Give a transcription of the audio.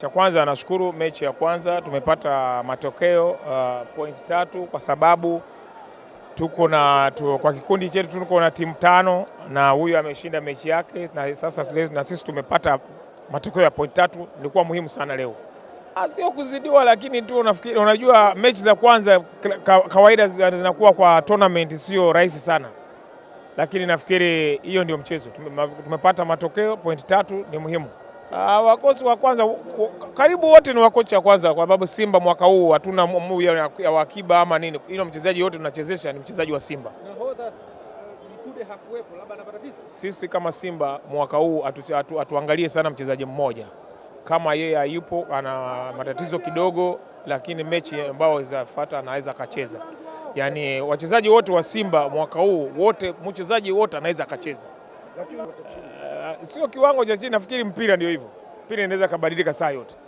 Cha kwanza nashukuru, mechi ya kwanza tumepata matokeo uh, point tatu kwa sababu tuko na tu, kwa kikundi chetu tuko na timu tano na huyu ameshinda mechi yake, na sasa na sisi tumepata matokeo ya point tatu, ilikuwa muhimu sana leo, ah, sio kuzidiwa, lakini tu unafikiri, unajua mechi za kwanza kawaida zinakuwa kwa tournament sio rahisi sana, lakini nafikiri hiyo ndio mchezo. Tumepata matokeo point tatu, ni muhimu. Uh, wakosi wa kwanza karibu wote ni wakocha wa kwanza, kwa sababu Simba mwaka huu hatuna ya, ya wakiba ama nini. Ilo mchezaji yote tunachezesha ni mchezaji wa Simba. Eh, Sisi kama Simba mwaka huu atu, atuangalie sana mchezaji mmoja kama yeye hayupo, ana matatizo kidogo, lakini mechi ambayo zafuata anaweza akacheza. yani wachezaji wote wa Simba mwaka huu wote, mchezaji wote anaweza akacheza lakini uh, sio kiwango cha chini. Nafikiri mpira ndio hivyo, mpira inaweza kabadilika saa yote.